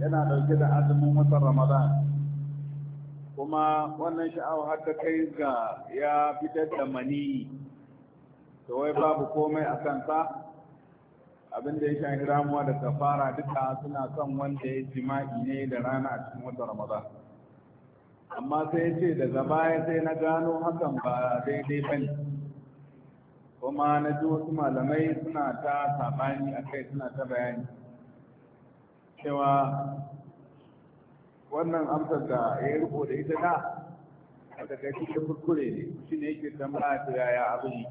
yana dauke da azumin watan ramadan kuma wannan sha'awa har ta kai ga ya fitar da mani to wai babu komai a kansa abin da ya shafi ramuwa da safara duka suna son wanda ya jima'i ne da rana a cikin watan ramadan amma sai ya ce daga baya sai na gano hakan ba daidai bane kuma na ji wasu malamai suna ta saɓani a kai suna ta bayani cewa wannan amsar da ya riko da ita da a takaici ta kuskure ne shi ne yake tambaya ta yaya ne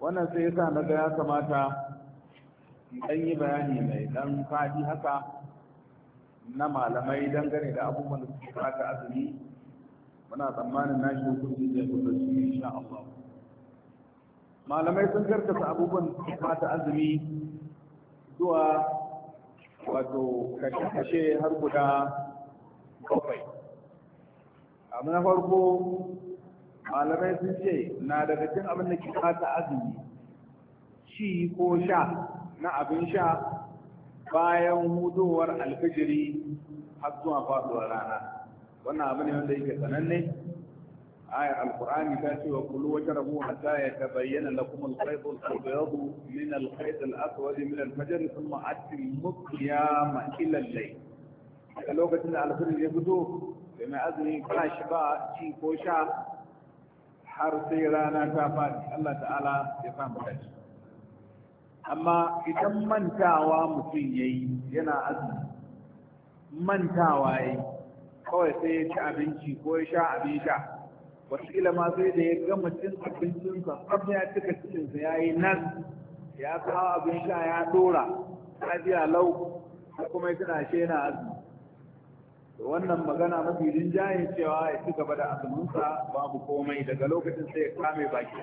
wannan sai yasa na ga ya kamata in ɗan yi bayani mai ɗan faɗi haka na malamai dangane da abubuwan da suke fata azumi muna tsammanin na shi hukunci zai kusa shi insha Allah malamai sun karkasa abubuwan mata azumi zuwa wato kashe-kashe har guda bakwai abu na farko malamai sun ce na daga cin abin da ke mata azumi shi ko sha na abin sha bayan hudowar alfijiri har zuwa faɗuwar rana wannan abu ne wanda yake sananne Aya alqur'ani ta ce wa kullu wajrabu hatta yatabayyana lakum al-khayt al-abyad min al-khayt al min al-fajr thumma atimmu qiyama ila al a lokacin da alfajir ya fito da mai azumi ba shi ba ci ko sha har sai rana ta fadi Allah ta'ala ya samu amma idan mantawa mutum yayi yana azumi mantawa kawai sai ya ci abinci ko ya sha abin wataƙila ma sai da ya gama cin abincinsa tsab ya cika cikinsa ya yi nan ya kawo abin sha ya ɗora lafiya lau ko kuma ya tana shi yana azumi wannan magana mafi rinjayen cewa ya ci gaba da azuminsa babu komai daga lokacin sai ya kame baki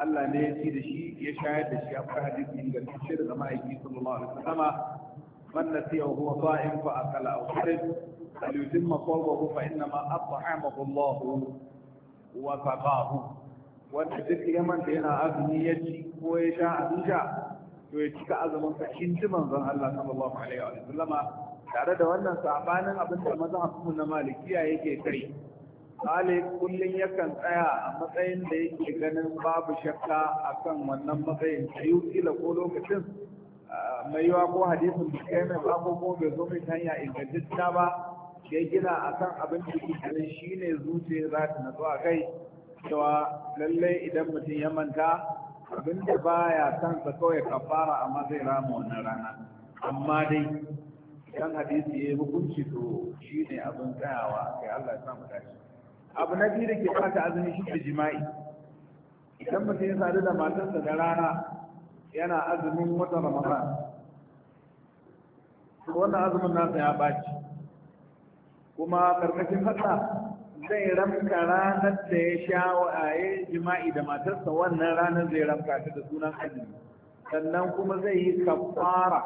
Allah ne ya ci da shi ya shayar da shi a fara hadisi ingantacce daga ma'aiki sallallahu alaihi wasallama man nasiya huwa sa'im fa akala aw shurib falyutimma sawbahu fa innama at'amahu Allah wa saqahu wanda duk ya manta yana azumi ya ci ko ya sha abin to ya cika azumin sa kin ji manzon Allah sallallahu alaihi wa sallama tare da wannan sabanin abin da mazhabin na malikiya yake kai Malik kullun yakan tsaya a matsayin da yake ganin babu shakka akan wannan matsayin ta kila ko lokacin ah, mai yawa ko hadisin da kai mai babu ko bai zo mai hanya ingantacciya ba ya gina a kan abin da ke ganin shi ne zuce za ta natsu a kai cewa lallai idan mutum ya manta abin da ba ya sa kawai kafara amma zai rama wannan rana amma dai kan hadisi ya yi hukunci to shi ne abin tsayawa kai Allah ya samu dace abu na biyu da ke fata azumi shi ne jima'i idan mutum ya sadu da matarsa da rana yana azumin wata ramadan wannan azumin nasa ya baci kuma karkashin haka zai ramka ranar da ya sha wa'aye jima'i da matarsa wannan ranar zai ramka ta da sunan azumi sannan kuma zai yi kafara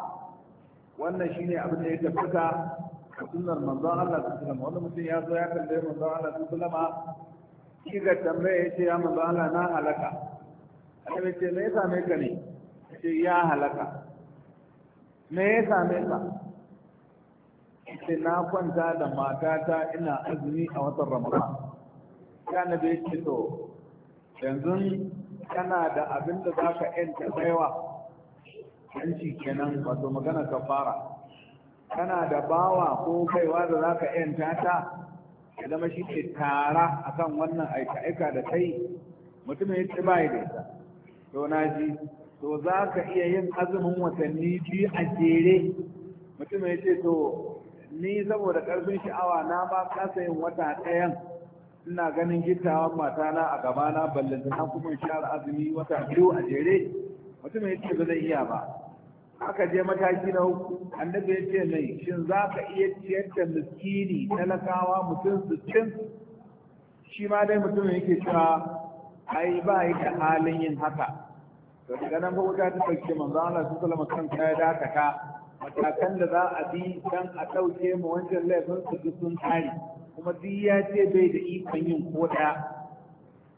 wannan shine abin da ya tabbata a sunnar manzon Allah sallallahu alaihi wasallam mutum ya zo ya kalle manzan Allah sallallahu alaihi shi ga tambaya ya ce ya manzon Allah na halaka annabi ce me ya same ka ne ce ya halaka me ya same ka ce na kwanta da matata ina azumi a watan ramadan ya na bai ce to yanzu kana da abin da za ka yanta baiwa yanci kenan wato magana ka fara kana da bawa ko kaiwa da za ka yanta ta ya zama shi ke tara akan wannan aika-aika da kai mutumin ya ce bai da ita to na ji to za ka iya yin azumin watanni biyu a jere mutumin ya ce to ni saboda ƙarfin sha'awa na ba kasa yin wata ɗayan ina ganin gittawan matana a gabana ballanta na kuma shara azumi wata biyu a jere mutum ya ce ba zai iya ba aka je mataki na uku annabi ya ce mai shin za ka iya ciyar da miskini talakawa mutum su cin shi ma dai mutum yake cewa ai ba yi da halin yin haka to daga nan ba wuta ta ɗauke manzo Allah sallallahu alaihi wasallam kan ya dakata matakan da za a bi don a ɗauke ma wancan laifin su duk sun tare kuma duk ya ce bai da ikon yin ko ɗaya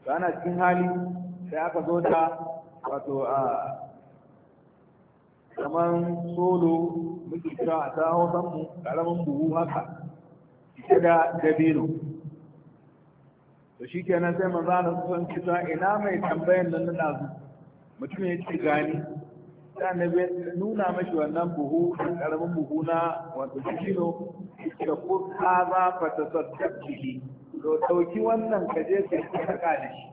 to ana cikin hali sai aka zo da wato a kamar solo muke kira a ta hausanmu ƙaramin buhu haka ita da dabino to shi kenan sai manzo na kisa ina mai tambayan nan na mutum ya ce gani da annabi nuna mashi wannan buhu ɗan ƙaramin buhu na wato shino da ko za fa ta saddaq bihi to dauki wannan ka je ka sadaka da shi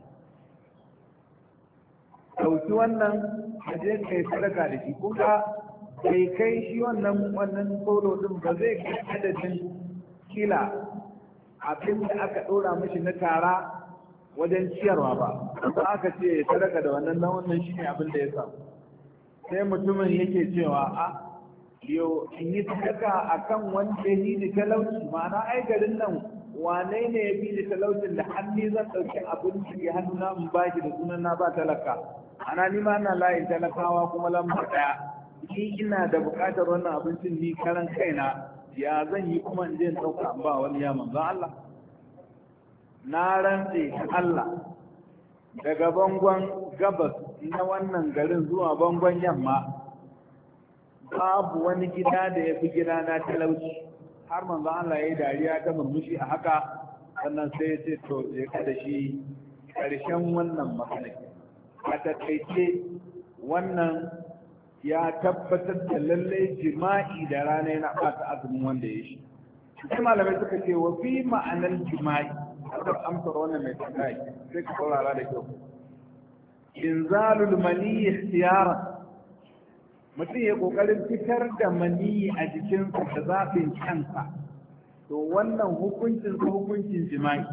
dauki wannan ka je ka sadaka da shi kun ga bai kai shi wannan wannan tsoro din ba zai kai adadin kila abin da aka ɗora mashi na tara wajen ciyarwa ba ba aka ce sadaka da wannan na wannan shine abin da ya samu sai mutumin yake cewa a yo in yi sadaka kan wanda yi ni talauci ma'ana ai garin nan wane ne ya bi ni talaucin da hannu zan ɗauki abinci ya hannu na in baki da sunan na ba talaka ana nima na layin talakawa kuma lamba ɗaya ni ina da buƙatar wannan abincin ni karan kaina ya zan yi kuma in je in ɗauka ba wani ya manzo Allah na rantse ta Allah daga bangon gabas na wannan garin zuwa bangon yamma babu wani gida da ya fi gida na talauci har manzo Allah ya yi dariya ta murmushi a haka sannan sai ya ce to ya kada shi ƙarshen wannan matsalai a taƙaice wannan ya tabbatar da lallai jima'i da rana yana ɓata azumin wanda ya shi sai malamai suka ce wa fi ma'anar jima'i a amsar wannan mai tsanani sai ka saurara da kyau إنزال المني اختيارا متي يقولون فكر مني أجيشن فكذا في الشنطة وأنه هو كنت هو كنت جماعي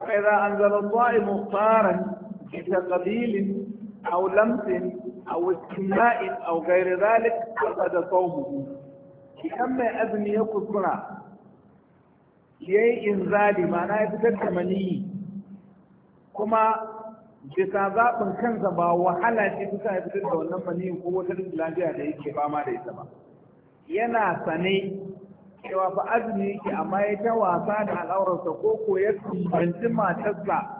فإذا أنزل الله مختارا إلى قبيل أو لمس أو استماء أو غير ذلك فقد صومه كما أذن يقصنا يي إنزالي معناه فكر مني كما bisa zaɓin kansa ba wahala ce kusa ya fitar da wannan fani ko wata rikin lafiya da yake fama da ita ba yana sane cewa fa azumi yake amma ya ta wasa da al'aurarsa ko ko ya tumbanci matarsa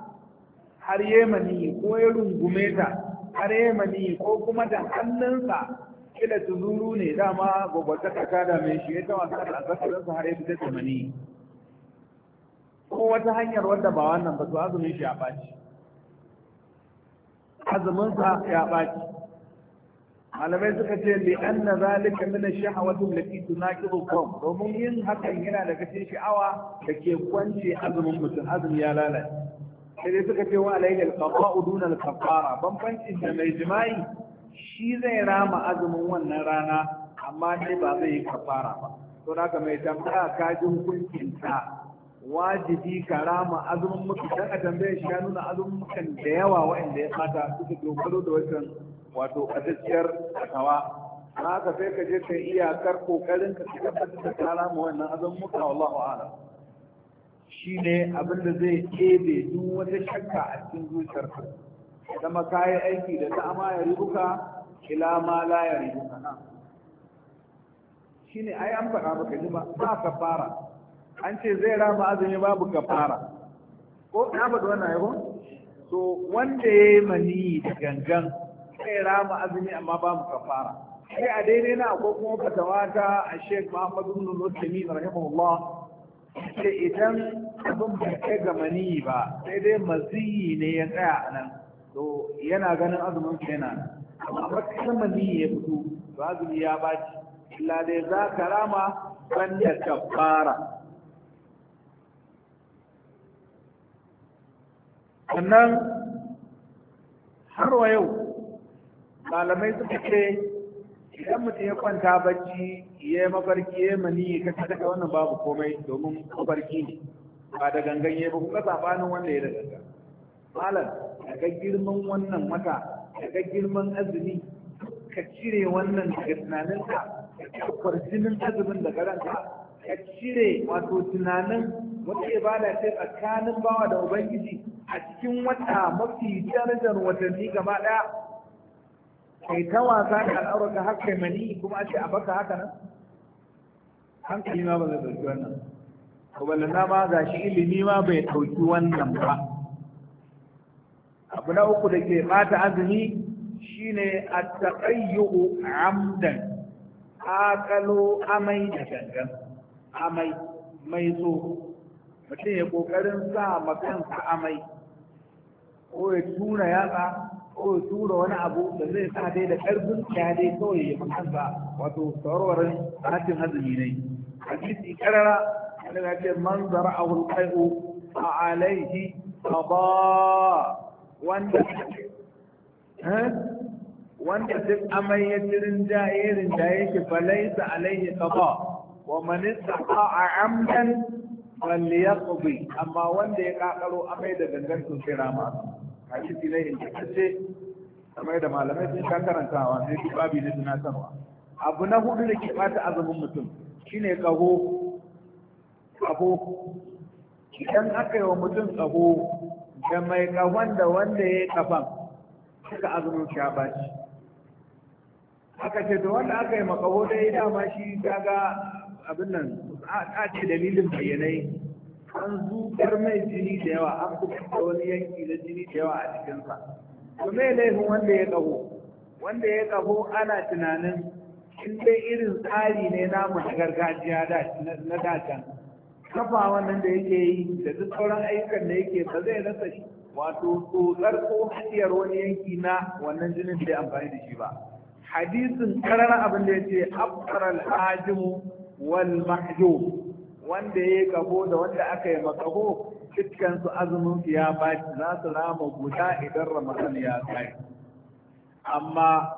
har yemani ko ya rungume ta har yemani ko kuma da hannunsa kila tuzuru ne dama gwagwata kaka da mai shi ya ta wasa da al'aurarsa har ya fitar da mani ko wata hanyar wanda ba wannan ba su azumin shi a ɓaci azuminsa ya ɓaci malamai suka ce li anna zalika min ash-shahawati allati tunaqidu qawm domin yin hakan yana daga cikin sha'awa da ke kwance azumin mutum azumi ya lalace sai suka ce wa alayhi al-qada'u duna al bambanci da mai jima'i shi zai rama azumin wannan rana amma dai ba zai yi kafara ba to da mai tambaya ka ji hukuncin wajibi karama azumin muka dan a tambaye shi ya nuna azumin muka da yawa waɗanda ya fata suka dogaro da wajen wato ƙasasciyar kasawa na ka sai ka je ka iyakar kokarin ka ka tabbatar da karama wannan azumin muka wallahu a'lam shi ne abin da zai ɗebe duk wata shakka a cikin zuciyarka zama kayi aiki da ta dama ya rubuka ila ma la ya rubuka shi ne ai an faɗa maka ji ba ba ka fara an ce zai rama azumi babu kafara ko na faɗi wannan yabo to wanda ya yi mani da gangan zai rama azumi amma babu kafara sai a daidai na ko kuma fatawa ta a sheik muhammadu ibn nusaymi rahimahullah ce idan abin ba kai ga mani ba sai dai maziyi ne ya tsaya a nan to yana ganin azumin sa yana nan amma matakan mani ya fito to azumi ya ci illa dai za ka rama banda kafara sannan har wa yau malamai suka ce idan mutum ya kwanta bacci ya yi mafarki ya yi mani ka daga wannan babu komai domin mafarki ne ba da gangan ya yi ba kuma sabanin wanda ya da gangan malam daga girman wannan wata daga girman azumi ka cire wannan daga tunaninka ka kwarcinin azumin da ranka ka cire wato tunanin wata ibada ce tsakanin bawa da ubangiji a cikin wata mafi darajar watanni gaba ɗaya kai ta wasa da al'aurarka har kai mani kuma a a baka haka nan hankali ma ba zai ɗauki wannan kubalina ma ga shi ilimi ma bai ɗauki wannan ba abu na uku da ke bata azumi shine a taƙayyu amdan akalo amai da gangan amai mai so mutum ya kokarin sa makansa amai ko ya tura yatsa ko ya tura wani abu da zai sa dai da ƙarfin ya dai kawai ya makansa wato tsawarwarin rashin hazumi ne hadisi karara wani ya ce man zara a hulƙai'u a alaihi a ba wanda eh? wanda duk amai ya ci rinjaye rinjaye shi falaisa alaihi qada ومن استطاع عمدا فليقضي اما wanda ya امي amai da dangantin sai rama a cikin ne in kace kamar da malamai sun ka karantawa sai ابو نهو da tunatarwa abu na hudu da قهو azumin mutum shine kaho kaho idan aka yi mutum kaho da mai wanda aka ce da wanda aka yi makaho dai dama shi daga abin nan a ce dalilin bayyanai an zubar mai jini da yawa an kuma wani yanki da jini da yawa a cikinsa to mai laifin wanda ya kaho wanda ya kaho ana tunanin in dai irin tsari ne namu na gargajiya na dacan kafa wannan da yake yi da duk sauran ayyukan da yake ba zai rasa shi wato tsotsar ko hanyar wani yanki na wannan jinin da amfani da shi ba hadisin karar abin da ya ce abkar hajimu wal mahjub wanda yi kaho da wanda aka yi makaho dukkan su azumin su ya baci za su rama guda idan ramadan ya kai amma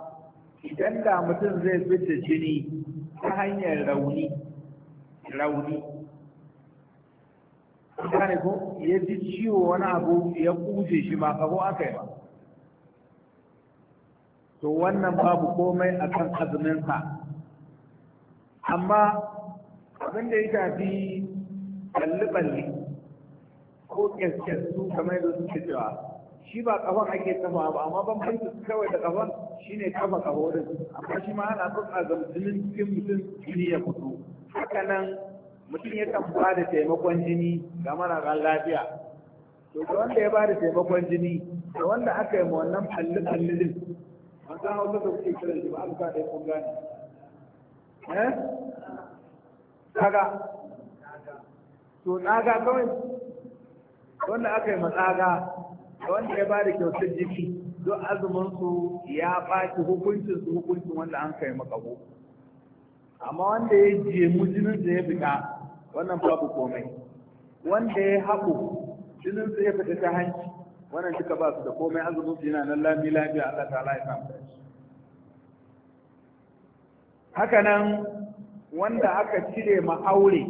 idan da mutum zai fita jini ta hanyar rauni rauni Kare ko ya ji ciwo wani abu ya kuje shi ma kaho aka yi ba to wannan babu komai akan azumin sa amma abin da ya shafi balli-balli ko su kamar yadda suke cewa shi ba kafan ake kafa ba amma ban su kawai da kafan shine kafa kafa din amma shi ma ana son a zamtinin cikin mutum jini ya fito haka nan mutum ya kan ba da taimakon jini ga marasa lafiya to da wanda ya ba da taimakon jini da wanda aka yi ma wannan halli-halli din an hausa da kuke kiran shi ba an sa ɗaya gane eh to tsaga kawai wanda aka yi matsaga da wanda ya ba da kyautar jiki don azuminsu ya ɓaci hukuncin su hukuncin wanda an kai makabo amma wanda ya je jinin da ya fita wannan babu komai wanda ya haɓu jinin ya fita ta hanci wannan duka ba su da komai azumin su yana nan lami lami Allah ta ya samu hakanan wanda aka cire ma aure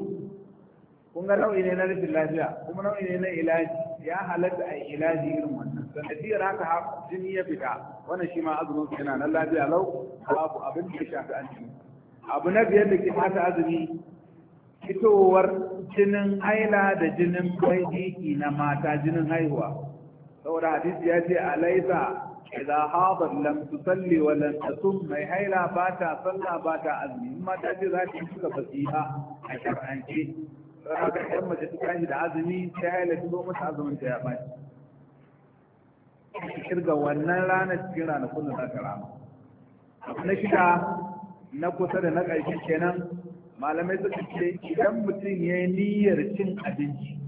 kun ga nau'i ne na rufin lafiya kuma nau'i ne na ilaji ya halatta a ilaji irin wannan sanadiyar haka jini ya fita wannan shi ma azumin yana nan lafiya lau babu abin da ya shafi an abu na biyar da ke haka azumi fitowar jinin haila da jinin baiki na mata jinin haihuwa saboda hadisi ya ce a laisa. idan haɗar lam tusalli wa lam tasum mai haila ba ta sallah ba ta azumi ma. mata ce za ta yi suka fasiha a shar'ance don haka ɗan mace ta tashi da azumi ta haila ta zo mata azumin ta ya ɓaci shirga wannan ranar cikin ranakun da za ta rama na shida na kusa da na ƙarshe kenan malamai suka ce idan mutum ya yi niyyar cin abinci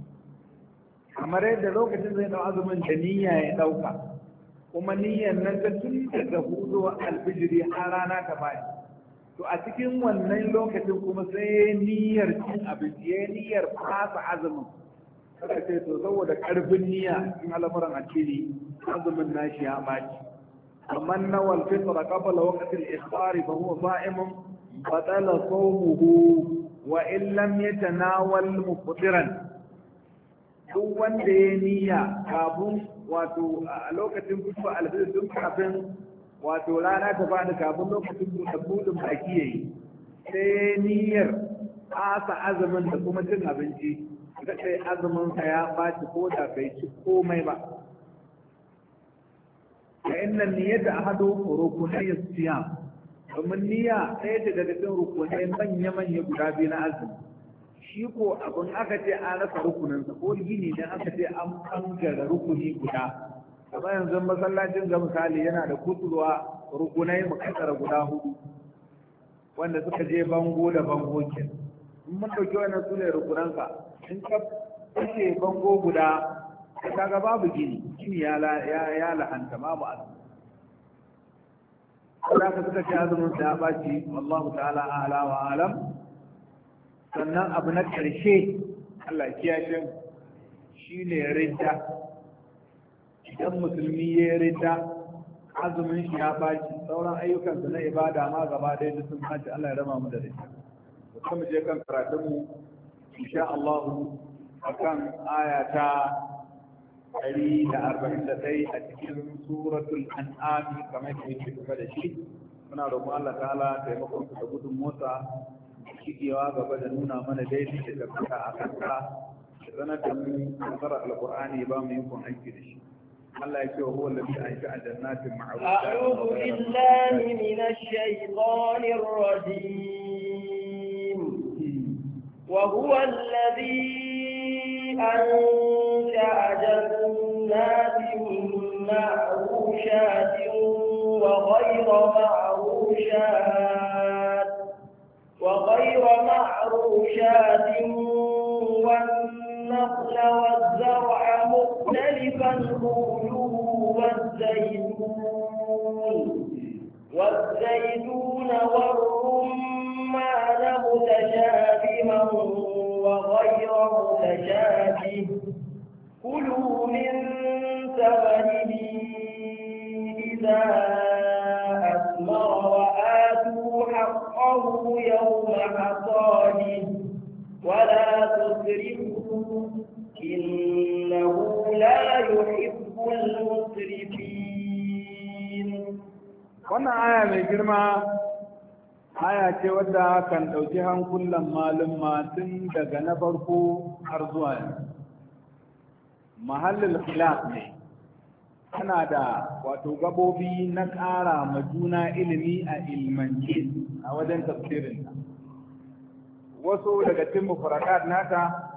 kamar yadda lokacin zai ɗau azumin da niyya ya ɗauka kuma niyyar nan ta tun daga hudu alfijiri har rana ta fadi to a cikin wannan lokacin kuma sai niyyar cin abinci ya niyyar fasa azumin kada ce to saboda karfin niyya in al'amuran addini azumin nashi ya baci amma na wal fitra qabla waqtil iftar ba huwa sa'imun batala sawmuhu wa in lam yatanawal muftiran duk wanda ya niyya kafin wato a lokacin fito alfil sun kafin wato rana ta bani kafin lokacin buɗe buɗin baki yayi sai niyyar asa azumin da kuma cin abinci ga sai azumin sa ya baci ko da bai ci komai ba fa inna niyyata ahadu rukunai siya, domin niyya ɗaya daga cikin rukunai manya-manya guda biyu na azumi shi ko abin aka ce an rasa rukunansa, ko gini dan aka ce an da rukuni guda kamar yanzu masallacin ga misali yana da kusurwa rukunai makasar guda hudu wanda suka je bango da bango ke in mun dauki wannan su ne rukunanka in ka kace bango guda ka ga babu gini gini ya ya la'anta babu azumi Allah ka suka ci azumin sa ya shi? wallahu ta'ala a'la wa alam sannan abu na ƙarshe Allah kiyashin shi ne ridda idan musulmi ya ridda azumin shi ya baki sauran ayyukansa na ibada ma gaba ɗaya da sun haji Allah ya rama mu da ridda kuma je kan karatunmu insha Allah akan arba'in da 141 a cikin suratul an'am kamar yadda yake da shi muna roƙon Allah ta'ala taimakon da gudun motsa أعوذ بالله من الشيطان الرجيم وهو الذي أنشاء جنات معروشات وغير معروشات وغير معروشات والنخل والزرع مختلفا لونه والزيتون والزيتون والرمان متشابها وغير متشابه كلوا من ثمره إذا الله يوم حصاده ولا تسرفوا إنه لا يحب المسرفين wannan aya mai girma aya ce wadda kan ɗauki hankulan malumma tun daga na farko har zuwa yanzu mahallin khilaf ne tana da wato gabobi na ƙara ma juna ilimi a ilmance a wajen tafsirinta wasu daga cikin mufarakat nata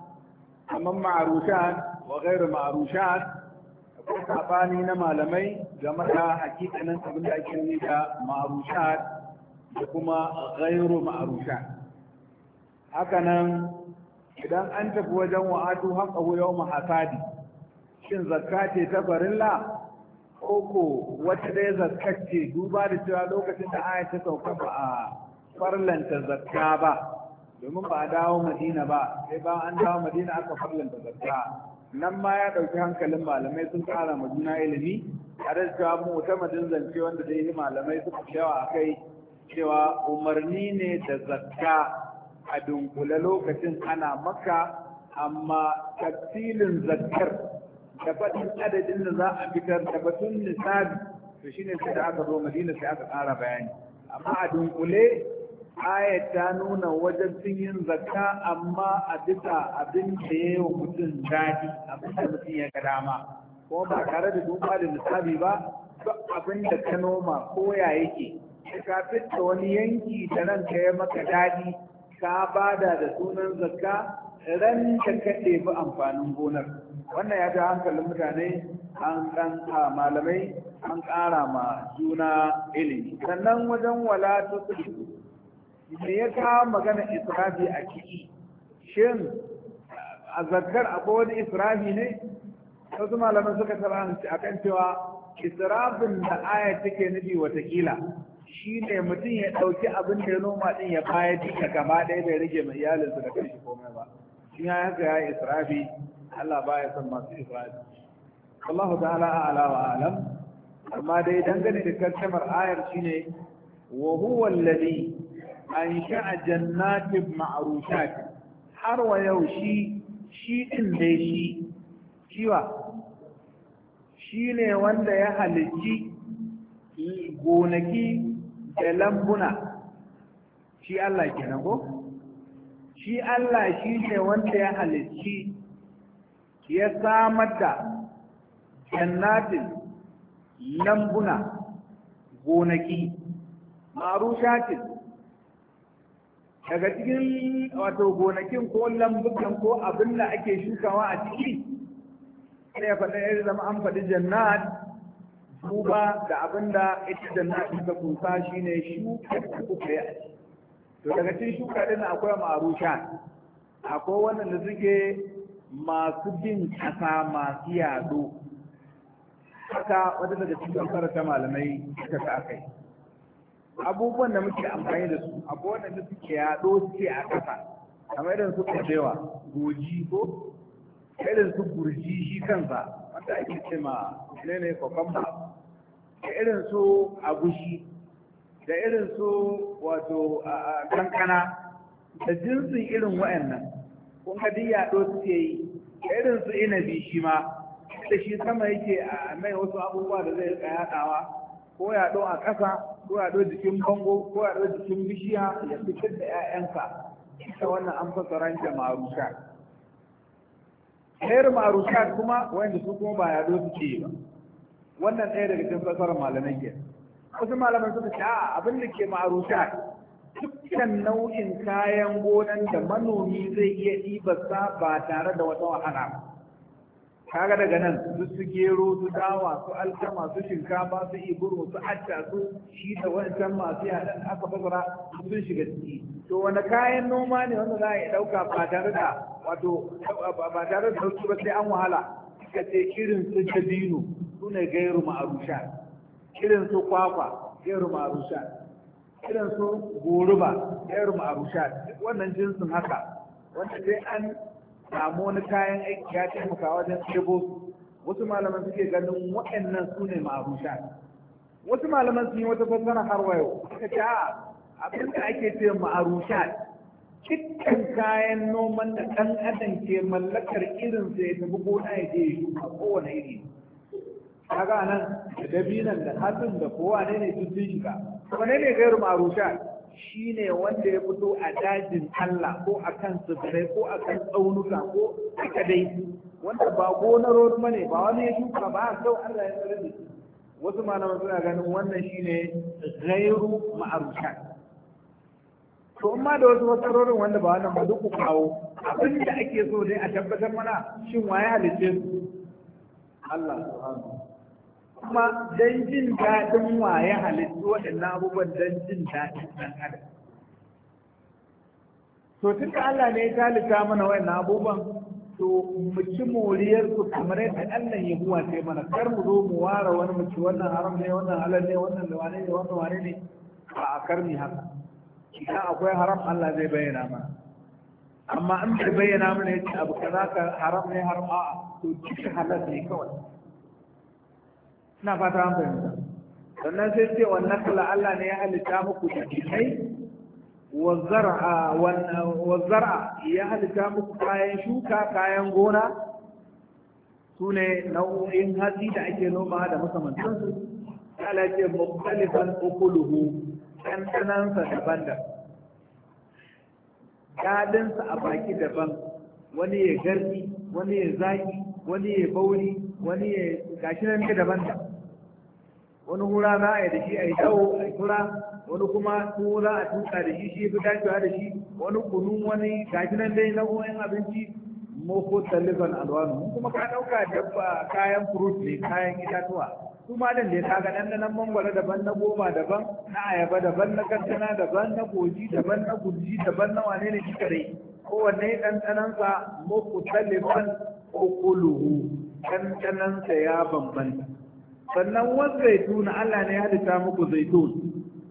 kamar ma'arushat wa gairu ma'arushat akwai sabani na malamai ga mata hakikanin abin da ake yi da ma'arushat da kuma gairu ma'arushat hakanan idan an tafi wajen wa'atu haƙa yau mahasadi shin zakka ce ta farilla Ko wata ɗaya zakka ce duba da cewa lokacin da aya ta sauka ba a farlanta zakka ba domin ba a dawo madina ba sai ba an dawo madina aka farlanta zakka nan ma ya ɗauki hankalin malamai sun ƙara ma juna ilimi a da cewa mu ta madin zance wanda zai yi malamai suka yawa a kai cewa umarni ne da zakka a dunkule lokacin ana maka amma tafsilin zakkar da adadin da za a fitar da batun nisabi to shine sai da aka zo madina sai aka tsara bayani amma a dunkule ayat ta nuna wajen sun yin zakka amma a bisa abin da ya yi wa mutum daɗi abin da mutum ya ga dama Ko ba tare da duba da nisabi ba duk abin da ka noma ko ya yake ka fitta wani yanki da ranka ya maka daɗi ka bada da sunan zakka ran da bi amfanin gonar wannan ya ji hankalin mutane an ƙanƙa malamai an ƙara ma juna ilimi sannan wajen wala ta sulhu me ya ka magana israfi a ciki shin a zargar akwai wani israfi ne wasu malaman suka tara a kan cewa israfin da aya take nufi watakila shi ne mutum ya ɗauki abin da ya noma ɗin ya bayar duka gaba ɗaya bai rage mai iyalinsa da kashi komai ba in ya haka ya israfi Allah ba ya san masu israfi Allah ala ala wa alam amma dai dangane da karshen ayar shine wa huwa alladhi ansha'a jannati ma'rushat har wa yau shi shi din dai shi kiwa shine wanda ya halici gonaki da lambuna shi Allah kenan ko shi Allah shi ne wanda ya halicci ya samar da jannatin lambuna gonaki marushatin daga cikin wato gonakin ko lambukan ko abin da ake shukawa a ciki sai ya faɗa ya zama an faɗi jannat duba da abin da ita jannatin ta kusa shine shuka da kuka yi a to daga cikin shuka din akwai marusha akwai wannan da suke masu bin kasa masu yado haka wata daga cikin ta malamai suka sa kai abubuwan da muke amfani da su akwai wannan da suke yado suke a kasa kamar irin su kadewa goji ko irin su gurji shi kansa wanda ake ce ma ne ne kokan irin su agushi da irin su wato kankana da jinsin irin wa'annan kun ga duk yaɗo suke yi da irin su inabi shi ma da shi sama yake a mai wasu abubuwa da zai rika yaɗawa ko yaɗo a ƙasa ko yaɗo jikin bango ko yaɗo jikin bishiya ya fitar da 'ya'yanka ita wannan an fasaran jama'arusha ɗayar ma'arusha kuma wanda su kuma ba yaɗo suke yi ba wannan ɗaya daga cikin fasarar malamai kenan wasu malaman suka ce a abin da ke ma'aruta dukkan nau'in kayan gonan da manomi zai iya ɗibarsa ba tare da wata wahala ba kaga daga nan su gero su dawa su alkama su shinkafa su iburo su hatta su shi da wancan masu yaɗan aka fasara sun shiga ciki to wani kayan noma ne wanda za a yi ɗauka ba tare da wato ba tare da ɗauki ba sai an wahala suka ce irin su dabino su ne gairu ma'arusha irin su kwakwa irin marusha irin su goruba irin marusha wannan jinsin haka wanda sai an samu wani kayan aiki ya taimaka wajen ɗebo su wasu malaman suke ganin waɗannan su ne marusha wasu malaman sun yi wata fassara har wayo suka ce a abin da ake ce marusha cikin kayan noman da ɗan adam ke mallakar irin sa ya tafi gona ya je ya shuka kowane iri kaga nan da dabinan da hatsin da kowa ne ne duk sun shiga kuma ne gairu marusha shine wanda ya fito a dajin Allah ko a kan tsibirai ko a kan tsaunuka ko aka dai wanda ba gonar wani ne ba wani ya shuka ba sau Allah ya tsare da shi wasu malaman suna ganin wannan shine gairu ma'arusha to in ma da wasu matsalolin wanda ba wannan ba duk ku kawo abin da ake so dai a tabbatar mana shin waye halitta Allah subhanahu kuma don jin daɗin waye halittu waɗannan abubuwan don jin daɗin ɗan adam to tun da Allah ne ya talita mana waɗannan abubuwan to mu ci moriyar su kamar yadda Allah ya huwa sai mana kar mu zo mu ware wani mu ci wannan haram ne wannan halal ne wannan lawane ne wannan wane ne ba a kar mu haka idan akwai haram Allah zai bayyana mana amma an bai bayyana mana ce abu kaza ka haram ne haram a'a to cikin halal ne kawai ina fata an fahimta sannan sai ce wa nakla Allah ne ya halitta muku da wa zar'a wa zar'a ya halitta muku kayan shuka kayan gona su ne nau'in hatsi da ake noma da su Allah ce mukhtalifan ukuluhu sa daban da daɗinsa a baki daban wani ya garbi wani ya zaki wani ya bauri wani ya gashi nan daban da wani hura za a yi da shi a yi dawo a yi kura wani kuma su za a tuka da shi shi fi dacewa da shi wani kunu wani gashi nan dai wani abinci moko talifan alwanu mun kuma ka dauka dabba kayan fruit ne kayan itatuwa su ma da ka ga nan mangwaro daban na goma daban na ayaba daban na kankana daban na goji daban na gurji daban na wane ne shi dai kowanne dandanansa moko talifan okuluhu dandanansa ya bambanta sannan wan zaitun Allah ne ya halitta muku zaitun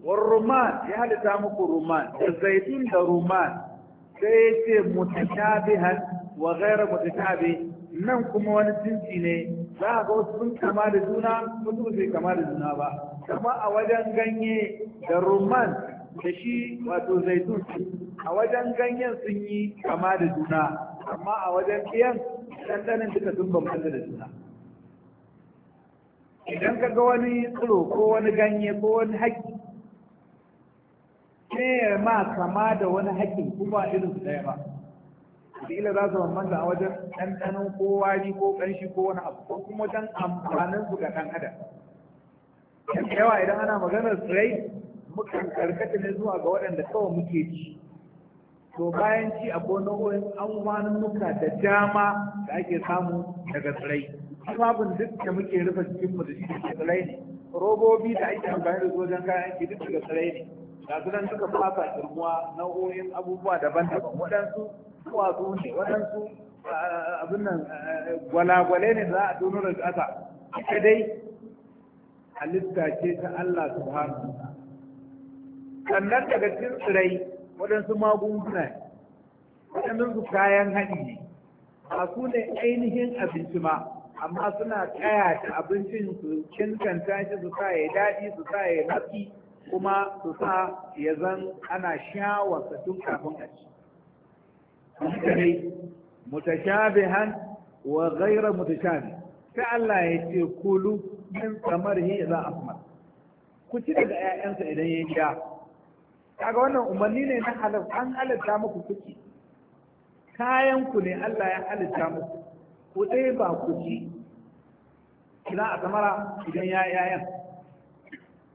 Wani ruman ya halitta muku ruman da zaitun da ruman sai ya ce mutashabihan wa ghayra mutashabih nan kuma wani jinsi ne za a ga wasu sun kama da juna wasu ba sai kama da juna ba kama a wajen ganye da rumman da shi wato zaitun a wajen ganyen sun yi kama da juna amma a wajen ɗiyan ɗanɗanin duka sun bambanta da juna idan ka ga wani tsiro ko wani ganye ko wani haƙƙi ne ya ma kama da wani haƙƙin kuma irin su ɗaya ba wataƙila za su bambanta a wajen ɗanɗanon ko wari ko ƙanshi ko wani abu ko kuma wajen amfanin su ga ɗan adam yan yawa idan ana maganar tsirai mukan karkata ne zuwa ga waɗanda kawai muke ci to bayan ci akwai nau'o'in an nuka da dama da ake samu daga tsirai tufafin duk da muke rufe jikinmu da shi da tsirai ne robobi da ake amfani da su wajen kayan aiki duk daga tsirai ne ga su nan suka fasa kirmuwa nau'o'in abubuwa daban-daban waɗansu duwatsu ne waɗansu abin nan gwalagwale ne za a tono da ƙasa ita dai halitta ce ta Allah subhanahu sannan daga cikin tsirai waɗansu magunguna ne waɗansu kayan haɗi ne a su ne ainihin abinci ma amma suna tsaya ta abincin su cancanta shi su sa ya daɗi su sa ya nafi kuma su sa ya zan ana shawarsa tun kafin a ci. Mutane, mutashabihan wa gaira mutashabi. Ta Allah ya ce kulu min hi za kuma. Ku ci daga 'ya'yansa idan ya sha. Kaga wannan umarni ne na halal an halatta muku kuki. Kayan ku ne Allah ya halitta muku. ku dai ba ku ci kina a samara idan ya yayan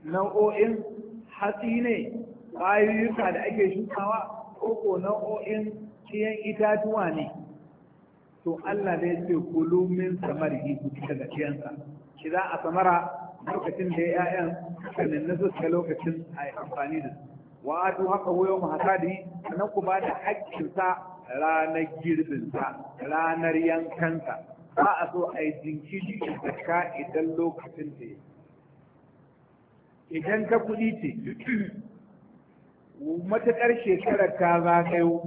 nau'o'in hatsi ne ƙwayoyuka da ake shukawa ko ko nau'o'in ciyan itatuwa ne to Allah dai ce kulu min samarihi ku ci daga ciyansa za a samara lokacin da ya yayan kanin na suka lokacin a yi amfani da su wa haka wayo mu sannan ku ba da haƙƙinsa ranar ta, ranar yankanta ba a so a yi jinkiri da ka idan lokacin da ya idan ka kudi ce matuƙar shekarar ta za ka yi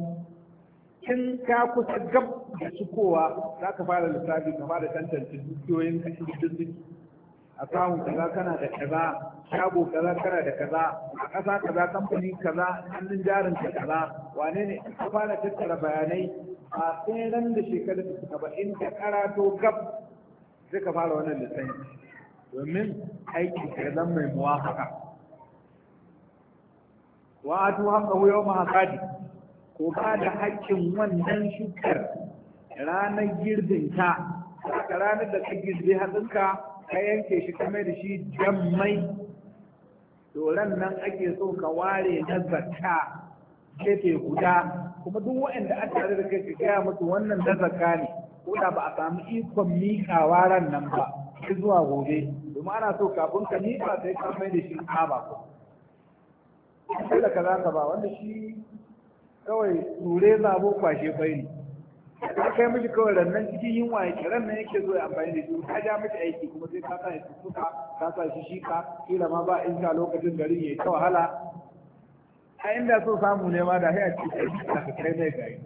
in ka kusa gab da cikowa za ka fara lissafi kama da tantance dukiyoyin da duk a kawo kaza kana da kaza shago kaza kana da kaza a kasa kaza kamfani kaza hannun jarin ka kaza wane ne ka fara tattara bayanai a tseren da shekarar da suka ba in ka karato gab sai ka fara wannan lissani domin aiki ka mai muwafaka wa atu haka yawma hasadi ko ba da haƙƙin wannan shukar ranar girbin ta ranar da ka girbe hatsinka ka yanke shi ka mai da shi jammai doron nan ake so ka ware na zakka gefe guda kuma duk waɗanda aka tare da kai ka gaya musu wannan da zakka ne ko da ba a samu ikon miƙawa ran nan ba Ki zuwa gobe domin ana so kafin ka miƙa sai ka mai da shi kaba ko sai da kaza ka ba wanda shi kawai ture zabo kwashe bai ne ka kai mishi kawai rannan cikin yunwa kiran rannan yake zo ya amfani da shi ka ja mishi aiki kuma sai ka sa ya suka ka sa shi ka kila ma ba in ka lokacin gari ya ta wahala a inda so samu ne ma da haya ce ka kai mai gari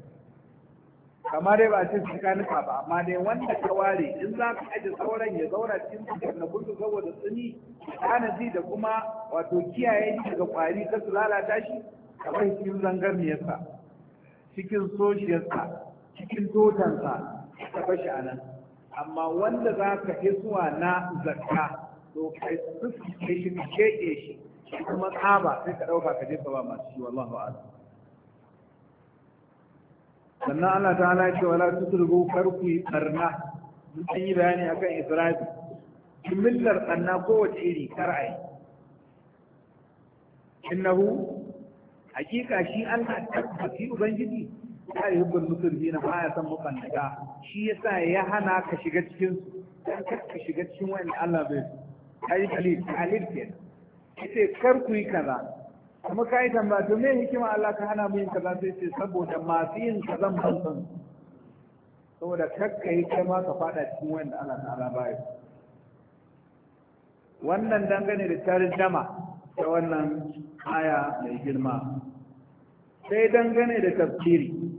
kama dai ba a ce su kanuka ba amma dai wanda ka ware in za ka aje sauran ya zauna cikin cikin na gudu saboda tsini tanaji da kuma wato kiyaye shi daga kwari ka su lalata shi kamar cikin sa cikin soshiyarsa cikin totansa ta bashi a nan amma wanda za ka zuwa na zakka to kai suke shi ke ke shi kuma tsaba sai ka ɗauka ka jefa ba masu shi wallahu a'lam sannan Allah ta ala ce wala su kar ku yi barna mun an yi bayani akan israfi jimillar tsanna kowace iri kar a yi innahu hakika shi Allah tabbati ubangiji ya yi hukun musulmi na baya san mabannata shi yasa ya hana ka shiga cikin dan kar ka shiga cikin wani Allah bai kai dalil alif ke sai kar ku yi kaza kuma kai tamba to me hikima Allah ka hana mu yin kaza sai ce saboda masu yin kaza ban san saboda kakka yi kai ma ka fada cikin wani Allah ta'ala bai wannan dangane da tarin dama. ta wannan aya mai girma sai dangane da tafsiri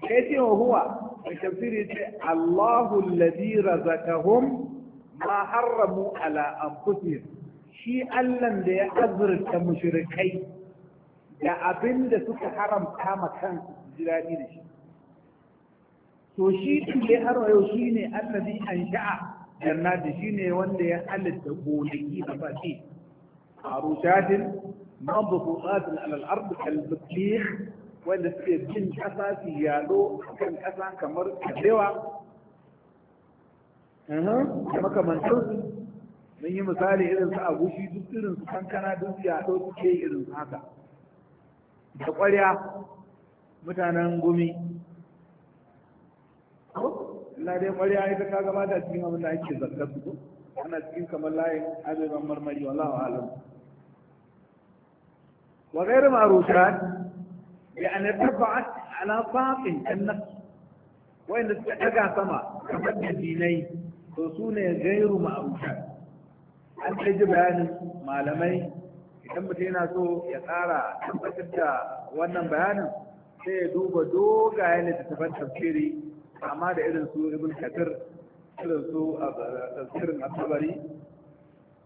sai huwa mai tafsiri ce Allahu alladhi razaqahum ma harramu ala anfusihim shi Allah da ya azurta mushrikai da abin da suka haramta ma kansu ji da shi to shi ne har yau shi ne allazi an sha'a jannati shi ne wanda ya halitta gonaki a baki a rushatin al ard al biqlih wanda suke bin ƙasa su yaɗo a kan ƙasa kamar kadewa da makamantansu mun yi misali irin su gushi duk irin su kankana duk yaɗo suke irin su haka da ƙwarya mutanen gumi Allah dai ƙwarya ita ka gaba da cikin abin da ake zarga su ana cikin kamar layin abubuwan marmari wallahu alam wa gairu marushat يعني رفعت على طاقم النفس وإن استحقى سما كمد ديني فسون غير معروفة an ɗai bayanin malamai idan mutum yana so ya tsara tabbatar da wannan bayanin sai ya duba dogayen littattafan tafsiri amma da irin su ibn katir irin su tafsirin asabari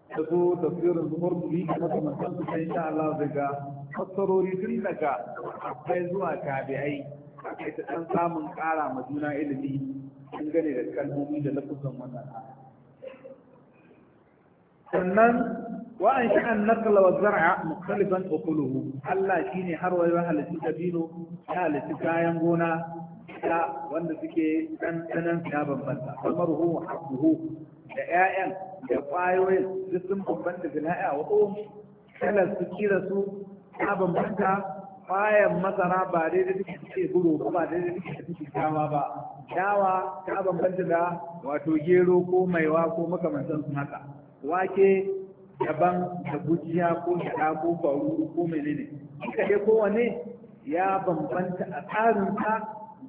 ta zo tafsirin zubar buli da makamantan su sai sha Allah zai ga fassarori tun daga akwai zuwa tabi'ai akai ta ɗan samun ƙara ma juna ilimi gane da kalmomi da lafuzan wannan sannan wa'an sha'an nakala wa zar'a mukhalifan ukuluhu Allah shine har wa halitta dabino ya halitta kayan gona ya wanda suke dan danan ya bambanta kamar hu wa hakuhu da 'ya'yan da ƙwayoyin duk sun bambanta bilha'a wa Ko kalar su kira su ta bambanta ƙwayan masara ba daidai duka suke guro ba ba daidai duka suke dawa ba dawa ta bambanta da wato gero ko maiwa ko makamantan su haka wake daban da gujiya ko gyaɗa ko faru ko menene duka dai kowane ya bambanta a tsarinsa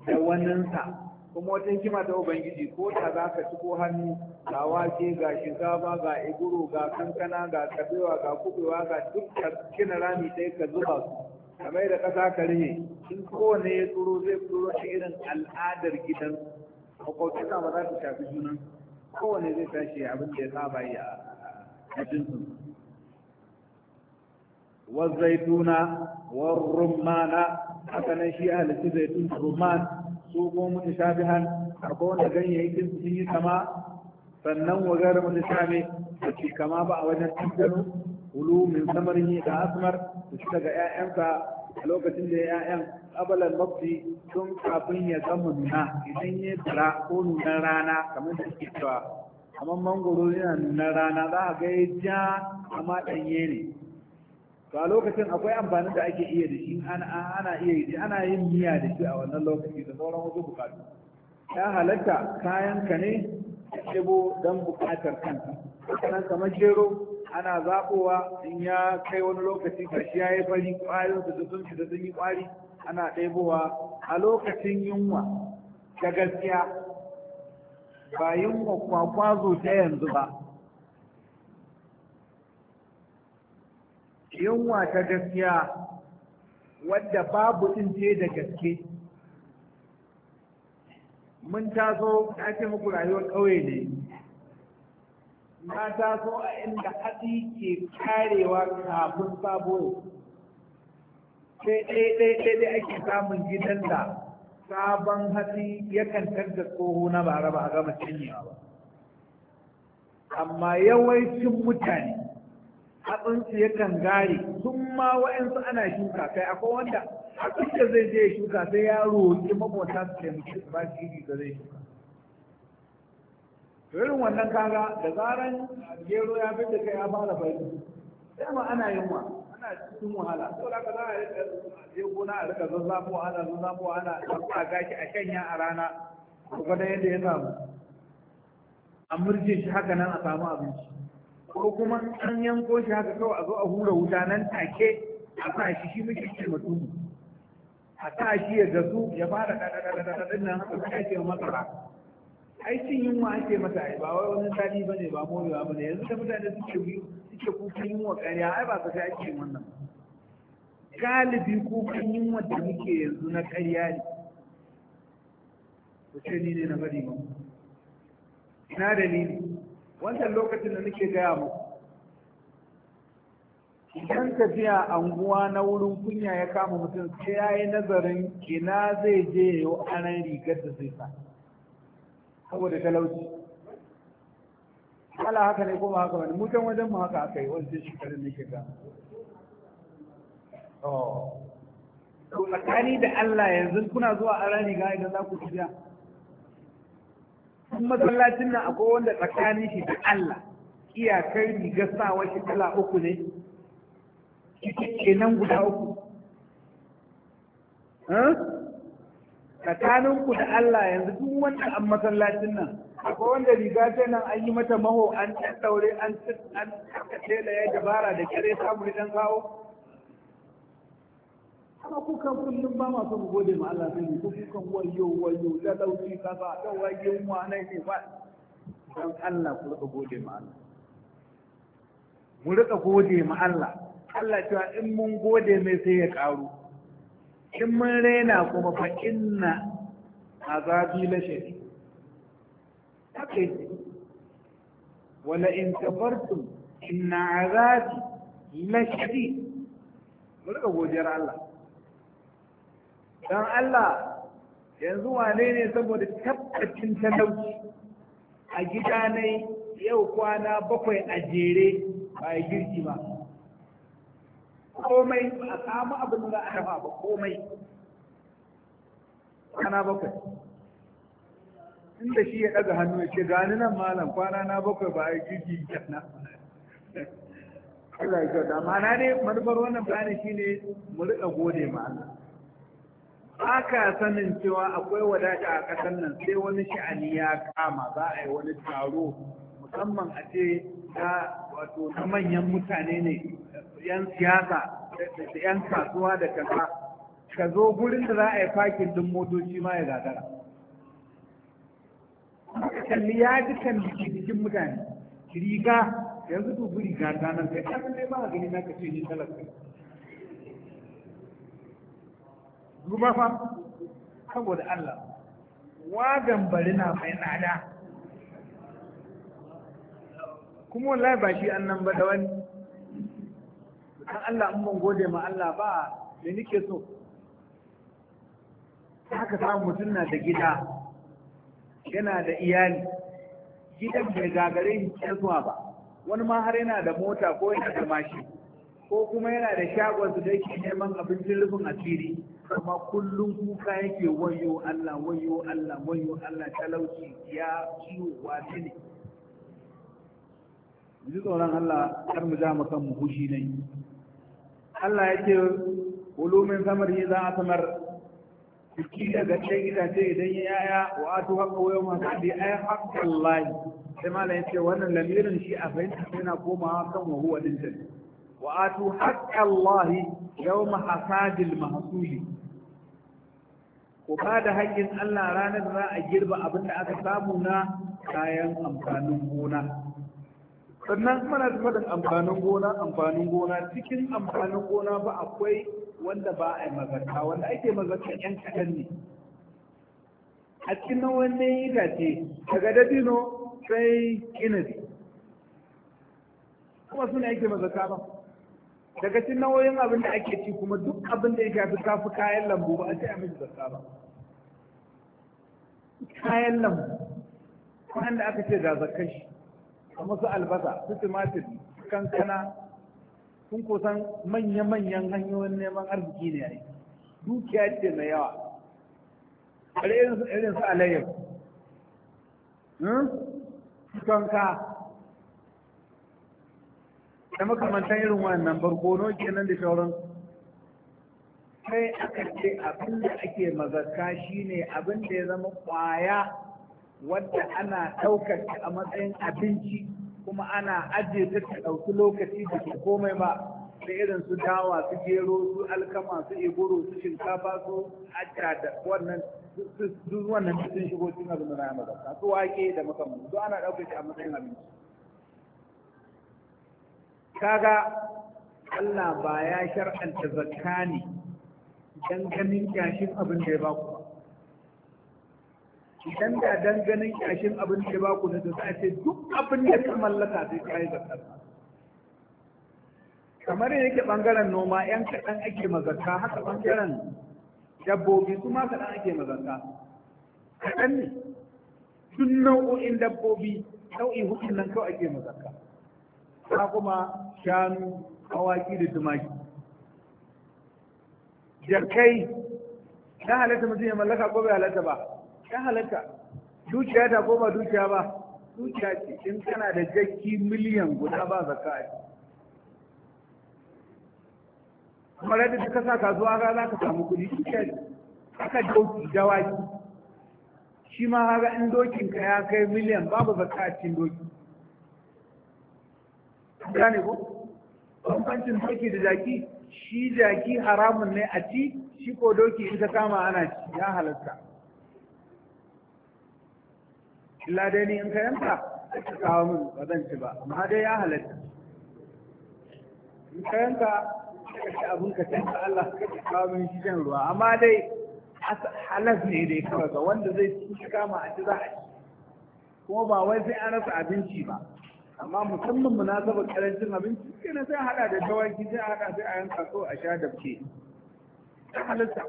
da waninsa kuma wata hikima ta ubangiji ko da za ka ci ko hannu ga wake ga shinkafa ga iguro ga kankana ga kabewa ga kubewa ga duk kina rami ɗaya ka zuba su kamar da ƙasa ka rihe in kowane ya tsoro zai tsoro ta irin al'adar gidan makwautuka ba za ta shafi junan kowane zai tashi abin da ya saba yi a jinsin والزيتون والرمان هكذا شيء أهل zaitun الرمان Ko kuma mutashabihan akwai wanda ganyayyakin su sun yi sama sannan wa gara mutashabi da ke kama ba a wajen tattalo hulu min samarin da asmar da shi daga 'ya'yansa a lokacin da 'ya'yan abalan mafi tun kafin ya gama nuna idan ya tsira ko nunan rana kamar da suke cewa kamar mangoro yana nunan rana za a ga ya ja amma ɗanye ne to a lokacin akwai amfanin da ake iya da shi ana iya yi ana yin miya da shi a wannan lokaci da sauran wasu bukatu ya halatta kayan ka ne ɗebo don bukatar kanka sannan kamar gero ana zaɓowa in ya kai wani lokaci kashi ya yi fari ƙwarin su sun shi sun yi ƙwari ana ɗebowa a lokacin yunwa ta gaskiya ba yunwa kwakwazo ta yanzu ba yunwa ta gaskiya wadda babu ɗin ce da gaske mun taso na ce muku rayuwar ƙauye ne na taso a inda hatsi ke karewa kafin sabo sai ɗaiɗaiɗaiɗai ake samun gidan da sabon hatsi yakan canza tsoho na bara ba a gama ba amma yawancin mutane hatsinsu yakan gare sun ma wa'ansu ana shuka kai akwai wanda hatsin da zai je shuka sai ya roƙi makota su taimaki ba shi iri da zai shuka irin wannan kaga da zaran gero ya fita kai ya fara fari sai ma ana yunwa ana cikin wahala sau da za a rika je gona a rika zazzafo ana zazzafo ana a gashi a shanya a rana gwada yadda ya samu a murje shi haka nan a samu abinci ko kuma an yanko shi haka kawai a zo a hura wuta nan take a sa shi shi muke ce mutum a sa shi ya gazu, ya fara ɗaɗaɗaɗaɗaɗin nan haka kuma ake masara ai cin yunwa ake masa ai ba wai wani ba ne ba morewa ba ne yanzu da mutane suke biyu suke kukan yunwa ƙarya ai ba ka sai ake wannan galibi kukan yunwa da muke yanzu na ƙarya ne ku ce ni ne na bari ba ina dalili wancan lokacin da nake gaya muku idan tafiya anguwa na wurin kunya ya kama mutum sai ya yi nazarin ina zai je ya anan rigar da zai sa saboda talauci ala haka ne kuma haka wani mutan wajen mu haka aka yi wancan shekarun nake ga oh. to tsakani da Allah yanzu kuna zuwa anan riga idan za ku tafiya kun masallacin nan akwai wanda tsakanin shi da Allah iyakar riga sawa shi kala uku ne nan guda uku tsakaninku da Allah yanzu duk wanda an masallacin nan akwai wanda riga ta nan an yi mata maho an ɗaure an an tela ya dabara da kare samu dan kawo amma kukan kullum ba ma son gode ma Allah sai ku kukan wayo wayo ka ba da wage mu anan ne ba dan Allah ku rika gode ma Allah mu rika gode ma Allah Allah cewa in mun gode mai sai ya karu in mun raina kuma fa inna azabi la shadid haka yake wala in kafartum inna azabi la shadid mu rika godiyar Allah don Allah yanzu wane ne saboda tabbacin talauci a gida ne yau kwana bakwai a jere ba ya girki ba komai a samu abin da a dafa ba komai kwana bakwai inda shi ya ɗaga hannu ya ce gani nan malam kwana na bakwai ba ya girki na Allah ya da ma'ana ne manufar wannan bayanin shine mu riƙa gode ma Allah ba ka sanin cewa akwai wadata a ƙasar nan sai wani sha'ani ya kama za a yi wani taro musamman a ce ta wato na manyan mutane ne yan siyasa da yan kasuwa da kasa ka zo gurin da za a yi fakin din motoci ma ya gagara kalli ya ji kan jikin mutane riga yanzu dubu riga ta nan sai ka ne ba gani na ka ni talaka zuba fa saboda Allah wagan bari na mai tsada kuma wallahi ba shi annan ba da wani dan Allah in mun gode ma Allah ba me nake so haka samu mutum na da gida yana da iyali gidan bai gagare shi zuwa ba wani ma har yana da mota ko yana da mashi ko kuma yana da shagonsa da yake neman abincin rufin asiri Kuma kullum kuka yake wayo Allah wayo Allah wayo Allah talauci ya ciwo wace ne yanzu tsoron Allah kar mu za mu kan mu hushi ne Allah ya ce ulumin samar yi za a samar ki daga ɗan itace idan ya yaya wa atu haka wayo masu abi yi haƙƙan layi sai malam ya ce wannan lamirin shi a fahimta yana komawa kan wahuwa ɗin wa atu haqqallahi yawma hasadil mahsuli ku ba da haƙƙin Allah ranar za a girba abin da aka samu na kayan amfanin gona sannan muna da faɗin amfanin gona amfanin gona cikin amfanin gona ba akwai wanda ba a yi mazarka wanda ake mazarka yan kaɗan ne a cikin nawan ne ce, daga dabino sai inabi kuma suna yake mazarka ba daga cikin nauyin abin da ake ci kuma duk abin da ya shafi kafi kayan lambu ba a ce a miji zakka ba kayan lambu wanda aka ce ga zakkan shi kamar su albasa su tumatir kankana sun kusan manya-manyan hanyoyin neman arziki ne yayi dukiya ce mai yawa irin su alayyar kanka hmm, da makamantan irin wannan barkono kenan da sauran sai aka ce abin da ake shi shine abin da ya zama kwaya wadda ana ɗaukar ta a matsayin abinci kuma ana ajiye ta ta ɗauki lokaci da ke komai ba da irin su dawa su gero su alkama su igoro su shinkafa su hajja da wannan duk wannan sun shigo cikin abin da na mazaka su wake da makamantan su ana ɗaukar ta a matsayin abinci kaga Allah ba ya shar'anta zakka ne dan ganin kyashin abin da ya ba ku idan da dan ganin kyashin abin da ya ba ku da ta sace ce duk abin da ka mallaka sai ka yi zakka kamar yake bangaren noma yan kaɗan ake mazakka haka bangaren dabbobi kuma kaɗan ake mazakka kaɗan ne tun nau'o'in dabbobi nau'i hukun nan kawai ake mazakka kuma shanu awaki da tumaki jarkai ya halatta mutum ya mallaka ko bai halatta ba ya halatta dukiya ta ko ba dukiya ba dukiya ce in kana da jakki miliyan guda ba zaka a ciki kamar yadda duka sa kasuwa ga za ka samu kuɗi dukiya ce aka doki dawaki shi ma haka in ka ya kai miliyan babu zakka a cikin doki gane ko bambancin doki da jaki shi jaki haramun ne a ci shi ko doki in kama ana ci ya halatta illa dai ni in ka yanka ka kawo min ba zan ci ba amma dai ya halatta in ka yanka ka ci abin ka ci ka Allah ka ci kawo min shi shan ruwa amma dai halas ne dai kawai ga wanda zai ci kama a ci za a ci kuma ba wai sai an rasa abinci ba amma musamman munasabar karancin abinci sai na sai hada da tawaki sai a hada sai a yanka so a sha dabke ta halitta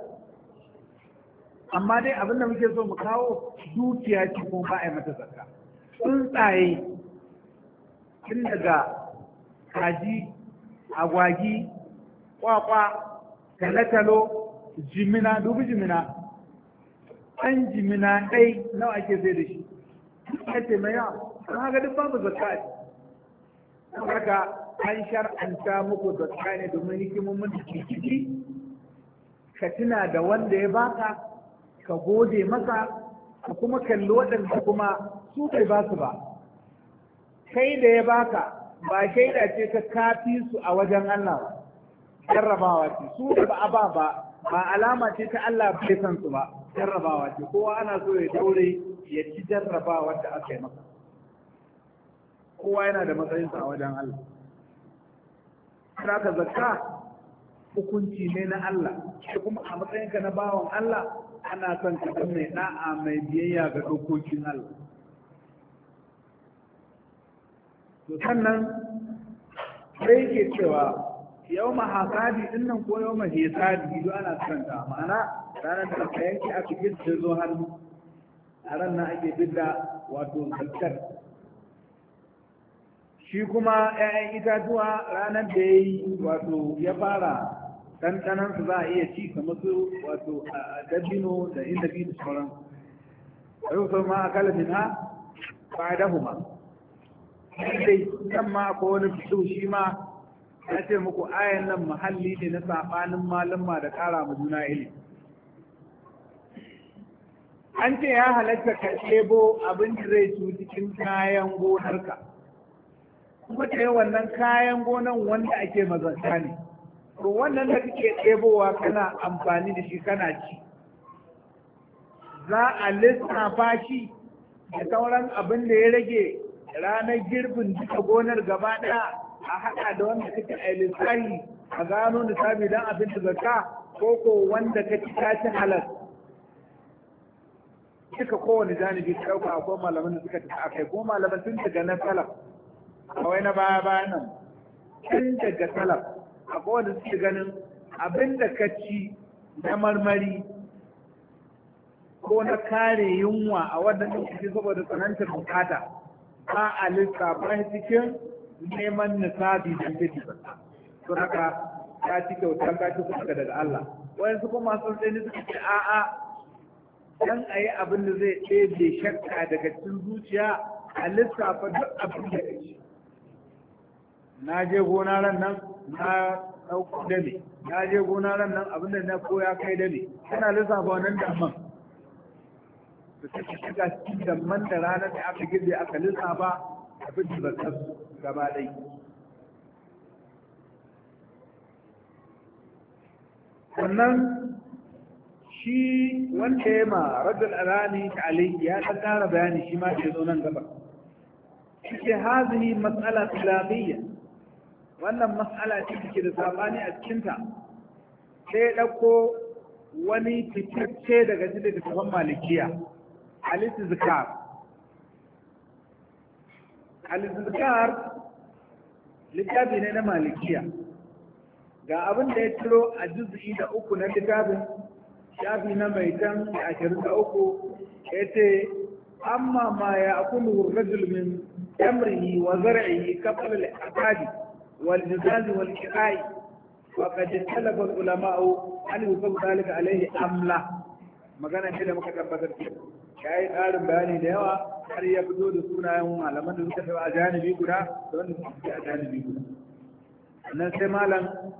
amma dai abin da muke so mu kawo dukiya ce kuma ba a yi mata zakka tsuntsaye tun daga kaji agwagi kwakwa talotalo jimina dubu jimina ɗan jimina ɗai nawa ake sai da shi ake mai yawa don haka duk babu zakka haka an shar'anta muku da ne domin hikimomin da ke ciki ka tuna da wanda ya baka ka gode masa ka kuma kalli waɗanda kuma su kai ba su ba kai da ya baka ba shaida ce ta kafi su a wajen Allah ba jarrabawa ce su ba a ba ba ba alama ce ta Allah bai san su ba jarrabawa ce kowa ana so ya daure ya ci jarrabawa da aka yi maka kowa yana da matsayinsa a wajen Allah ka zakka hukunci ne na Allah shi kuma a matsayinka na bawan Allah ana son ka mai da'a mai biyayya ga dokokin Allah to sannan sai ke cewa yau mahasadi din nan ko yau mahesadi idan ana son karanta ma'ana ranar da ka yanke cikin gidda zo hannu a ran nan ake bidda wato zakkar shi kuma 'ya'yan itatuwa ranar da ya yi wato ya fara ɗanɗanan su za a iya ci kamar su wato a dabino da inda biyu sauran yau sau ma a kala ha ba da huma dai kan ma ko wani fito shi ma ya ce muku ayan nan muhalli ne na saɓanin malamma da ƙara ma juna ilimi an ce ya halatta ka ɗebo abin da zai cikin kayan gonarka kuma ta yi wannan kayan gonan wanda ake mazanta ne to wannan da kake ɗebowa kana amfani da shi kana ci za a lissafa shi da sauran abin da ya rage ranar girbin duka gonar gaba ɗaya a haɗa da wanda kake a lissafi a gano sami don abin da zakka ko ko wanda ka ci tashin halar duka kowane janibi ta ɗauka akwai malaman da suka tafi a kai ko malaman tun daga na salaf a wani na baya nan tun daga salaf a kowane suke ganin abin da ka ci na marmari ko na kare yunwa a wannan lokaci saboda tsanantar bukata ba a lissafa cikin neman nisabi da fiti to haka ya ci kyauta ka ci kuka daga Allah su kuma sun sai ne suka ce a'a dan ayi abin da zai ɗebe shakka daga cikin zuciya a lissafa duk abin da ci na je gona ran nan na ɗauko dame na je gona ran nan abin da na koya kai da ni. tana lissafa wannan damman da suka shiga cikin damman da ranar da aka girbe aka lissafa a fitin bakar gaba ɗai wannan shi wanda ya ma rajul arani ta alayhi ya ta ƙara bayani shi ma ke zo nan gaba shi ke hazihi matsala islamiyya wannan mas'ala ce take da sabani a cikinta sai ya ɗauko wani fitacce daga cikin littattafan malikiya al zikar al zikar littafi ne na malikiya ga abin da ya ciro a juz'i da uku na littafin shafi na mai can ashirin da uku ya ce amma ma ya kunu rajul min amrihi wa zar'ihi kafal al-aqadi والجزاز والكفاية وقد اختلف العلماء هل يصب ذلك عليه أم لا magana shi muka tabbatar ce ya yi ƙarin bayani da yawa har ya fito da sunayen malaman da suka tafi da wanda a janibi guda sannan sai malam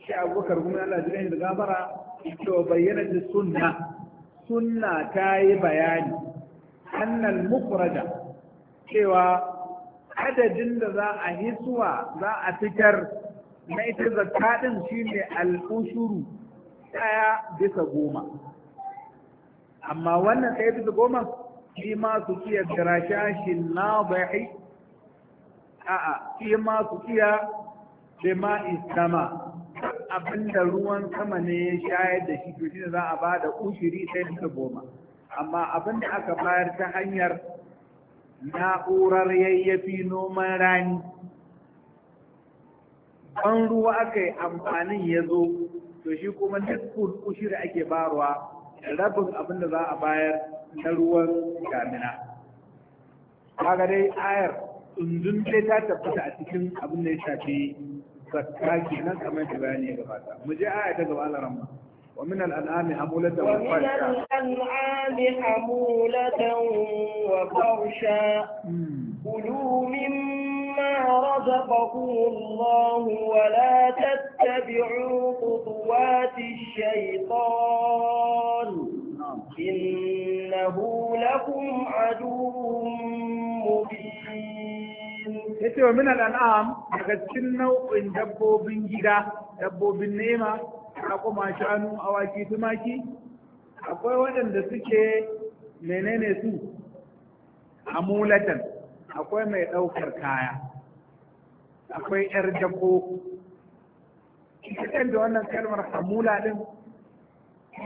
shi abubakar kuma Allah jiran da bayyana da sunna sunna ta yi bayani annal mufrada cewa adadin da za a hisuwa za a fitar na ita zakka shi shine al'ushuru ɗaya bisa goma amma wannan ɗaya bisa goma shi ma su iya kirasha shi na bai a'a shi ma su iya ma isama abinda ruwan sama ne ya shayar da shi to shi za a ba da ushiri ɗaya bisa goma amma abinda aka bayar ta hanyar na'urar yayyafi noman rani ban ruwa aka yi amfanin ya zo to shi kuma duk da ake barwa rabin abinda za a bayar na ruwan damina kaga dai ayar tsundun dai ta tabbata a cikin abin da ya shafi zakka kenan kamar da bayani ya gabata mu je aya ta gaba Allah ومن الأنعام حمولة وفرشا ومن الأنعام حمولة وفرشا كلوا مما رزقكم الله ولا تتبعوا خطوات الشيطان نعم. إنه لكم عدو مبين ومن الأنعام daga cikin nau'in dabbobin gida dabbobin nema raƙuma shanu awaki tumaki akwai waɗanda suke menene su amulatan akwai mai ɗaukar kaya akwai yar dako kitan da wannan kalmar hamula ɗin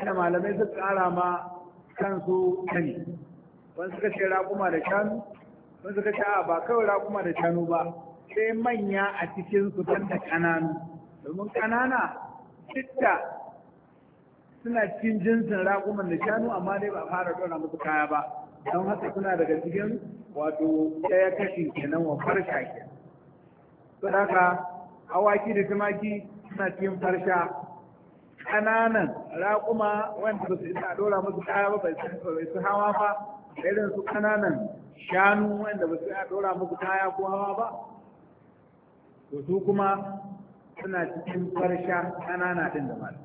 da malamai su ƙara ma kansu sani wani suka ce raƙuma da shanu wani suka ce ba kawai raƙuma da shanu ba sai manya a cikin su da ƙananu domin ƙanana duk suna cikin jinsin raƙuman da shanu amma dai ba a fara ɗora musu kaya ba don haka suna daga cikin wato ɗaya kashin kenan wa farsha ke Su haka awaki da tumaki suna cikin farsha ƙananan raƙuma wanda ba su isa a ɗora musu kaya ba bai su hawa ba irin su ƙananan shanu wanda ba su isa a ɗora musu kaya ko hawa ba to su kuma suna cikin farsha ƙanana ɗin da mata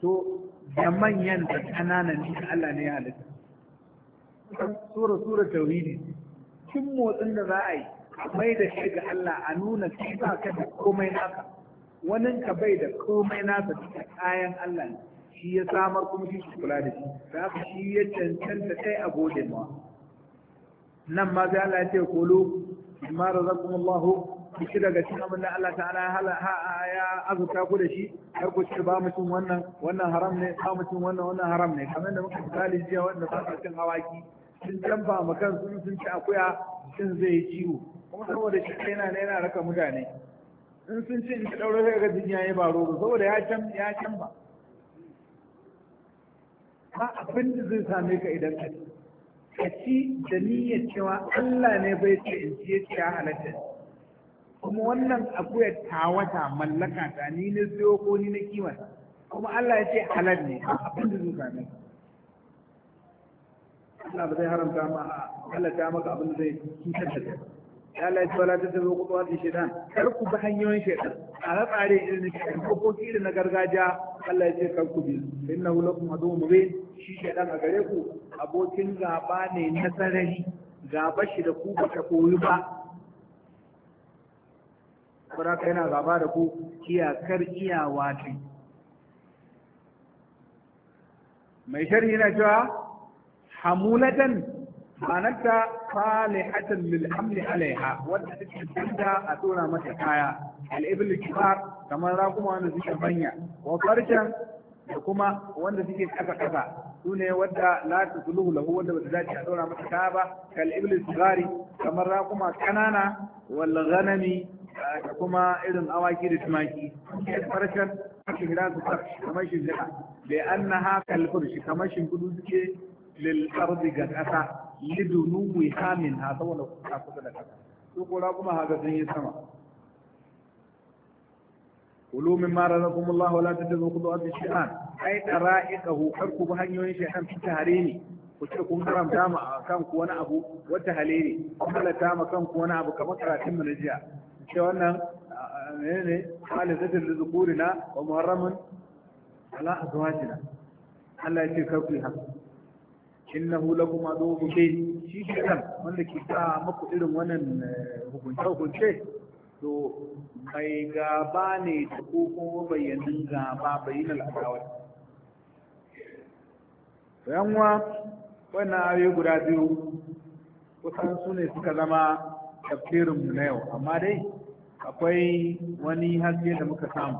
to da manyan da ƙananan ne Allah ne ya halitta sura sura tauhidi cikin motsin da za a yi mai da shi ga Allah a nuna shi ba ka da komai naka wanin ka bai da komai naka duka kayan Allah ne shi ya samar kuma shi kula da shi za ka shi ya cancanta kai a gode ma nan ma sai Allah ya ce kulu ma razaqakum Allahu shi daga cikin abin da Allah ta'ala ya azurta ku da shi har ku ci ba mutum wannan wannan haram ne ba mutum wannan wannan haram ne kamar da muka misali jiya wanda ba su cin hawaki sun jamba ma kansu sun ci akuya sun zai ciwo kuma saboda shi na ne yana raka mutane in sun ci in ta ɗaure sai ga jinya ya baro saboda ya can ya can ba ba abin da zai same ka idan ka ci ka ci da niyyar cewa Allah ne bai ce in ci ya halatta kuma wannan akuyar tawata mallaka ta ni na siyo ko ni na kimata kuma Allah ya ce halal ne abin da zuka ne Allah ba zai haramta ma Allah ta maka abin da zai cutar da kai ya Allah ya ce wala tatabu wani shaytan kar ku bi hanyoyin shaytan a tsare irin shaytan ko ko irin na gargajiya Allah ya ce kar ku bi hu lakum adu mubin shi shaytan a gare ku abokin gaba ne na sarari gaba shi da ku ba ta koyi ba saboda yana gaba da ku iyakar iyawa ce mai sharhi yana cewa hamulatan ma'anarta salihatan lil hamli alaiha wadda take tunda a tsora mata kaya al-ibl kibar kamar rakuma wanda suke banya wa da kuma wanda suke kasa kasa su ne wadda la tusluhu lahu wanda ba dace a tsora mata kaya ba kal iblis kamar rakuma kanana wal ghanami Ah, da kuma irin awaki da tumaki farcen shi gida su sa kamar shi jira bai an na haka alfur shi kamar shi gudu suke lilkardi ga ƙasa lidunu mai hamin ha saboda kuka kusa da ƙasa su kura kuma haka sun yi sama kulu min ma razaqakumullahu la tadzu khudwat ash-shaytan ay tara'iqahu ku bi hanyoyin shaytan fi tahrimi ku ce kun haramta ma kanku wani abu wata halere kun ta ma kanku wani abu kamar karatun manajiya ke wannan menene zafin da na wa muharramun ala'azuwa jina Allah ya ce karfi haka in na hula kuma aduwwun mubin shi shi kan wanda ke sa maku irin wannan eh, hukunce hukunce to ga gaba ne da ko kuma bayanin gaba bayanin al'adawar yan uwa wannan ayoyi guda biyu kusan su ne suka zama tafsirinmu na yau amma dai akwai wani haske da muka samu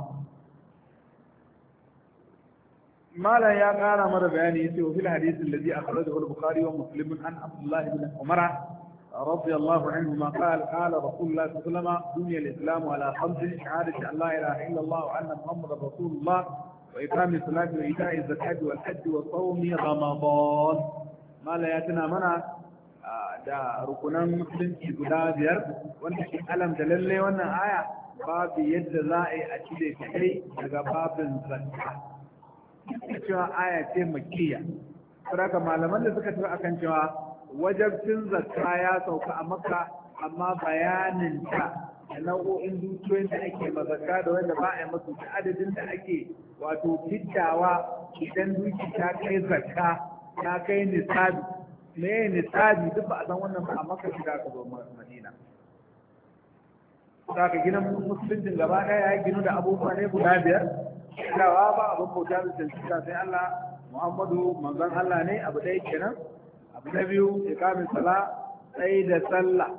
malam ya kara mana bayani yace wa fil hadith alladhi akhrajahu al-bukhari wa muslim an abdullah ibn umar رضي الله عنهما قال قال رسول الله صلى الله عليه وسلم بني الاسلام على خمس شهادة ان لا اله الا الله وان محمد رسول الله واقام الصلاه وايتاء الزكاه والحج وصوم رمضان ما لا يتنا منا da rukunan musulunci guda biyar wanda ke alamta lallai wannan aya babu yadda za a yi a cire kai daga babin a cewa aya ce makiya saboda malaman da suka tafi akan cewa wajabcin zakka ya sauka a makka amma bayanin ta da nau'o'in dukiyoyin da ake mazaka da wanda ba a yi masu ta adadin da ake wato fitawa idan duki ta kai zakka ta kai nisabi me ne tsari duk ba a san wannan ba a maka shi da ka zo madina za ka gina musuluncin gaba ɗaya ya gino da abubuwa ne guda biyar dawa ba abin bauta da cancanta sai Allah Muhammadu manzon Allah ne abu ɗaya kenan abu na biyu ikamin sala tsaye da sallah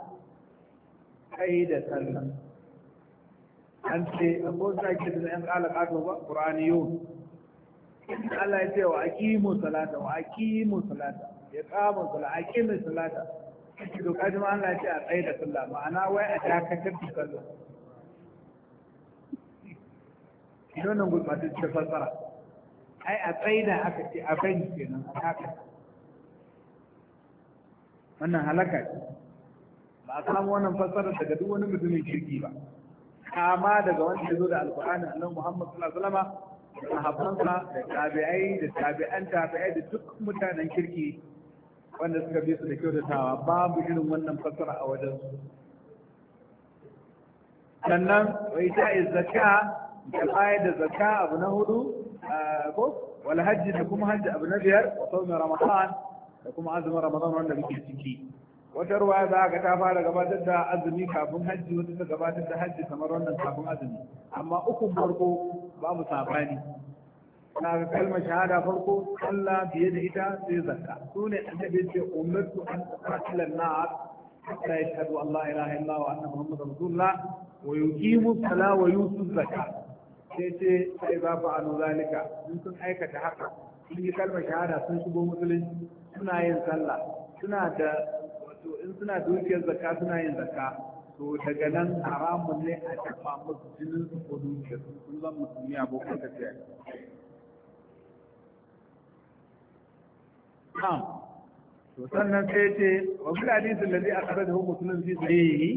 tsaye da sallah an ce abu da ke da yan ƙala ƙasa ba ƙur'aniyun Allah ya ce wa aqimu salata wa aqimu salata ya kama sala a kimin salata shi doka shi ma Allah ya ce a tsaye da sallah ma'ana wai a dakatar da sallah shi wannan gurbatun cikin fassara ai a tsaye da aka ce a bani kenan a dakatar wannan halaka ce ba a samu wannan fassara daga duk wani mutumin kirki ba kama daga wanda ya zo da alkur'ani annabi Muhammad sallallahu alaihi wasallam da sahabbansa da tabi'ai da tabi'an tabi'ai da duk mutanen kirki wanda suka bi su da kyautatawa babu irin wannan fasara a wajen su sannan wai ta zaka da bayar da zaka abu na hudu ko wal hajji da kuma hajji abu na biyar wa saumin ramadan da kuma azumin ramadan wanda muke ciki wata ruwa za ka ta fara gabatar da azumi kafin hajji wata ta gabatar da hajji kamar wannan kafin azumi amma ukun farko babu sabani kaga kalmar shahada farko Allah biye da ita sai zakka su ne annabi ce umirtu an uqatila na nar hatta yashhadu Allah la ilaha illa wa anna muhammadar rasulullah wa yuqimu sala wa yutu zakka sai ce sai ba fa anu zalika in sun aikata haka sun yi kalmar shahada sun shigo musulunci suna yin sallah suna da wato in suna dukiyar zakka suna yin zakka to daga nan haramun ne a tafa musu jinin su ko dukiyar sun zan musulmi abokan tafiya na'am to sannan sai ce wa bil hadith alladhi akhrajahu muslim fi sahihi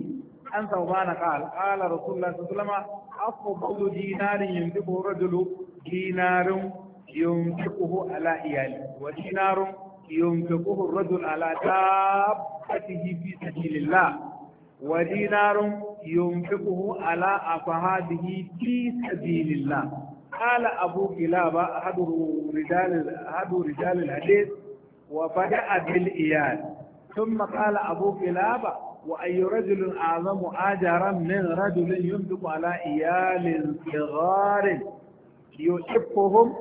an thawban qala qala rasulullah sallallahu alaihi wasallam afdalu dinarin yunfiquhu rajulu dinarun yunfiquhu ala iyali wa dinarun yunfiquhu rajul ala dabbatihi fi sabilillah ودينار ينفقه على أصحابه في سبيل الله قال أبو كلابة أحد رجال أحد رجال الحديث وبدأ بالإياد ثم قال أبو كلابة وأي رجل أعظم أجرا من رجل يملك على إيال صغار يحبهم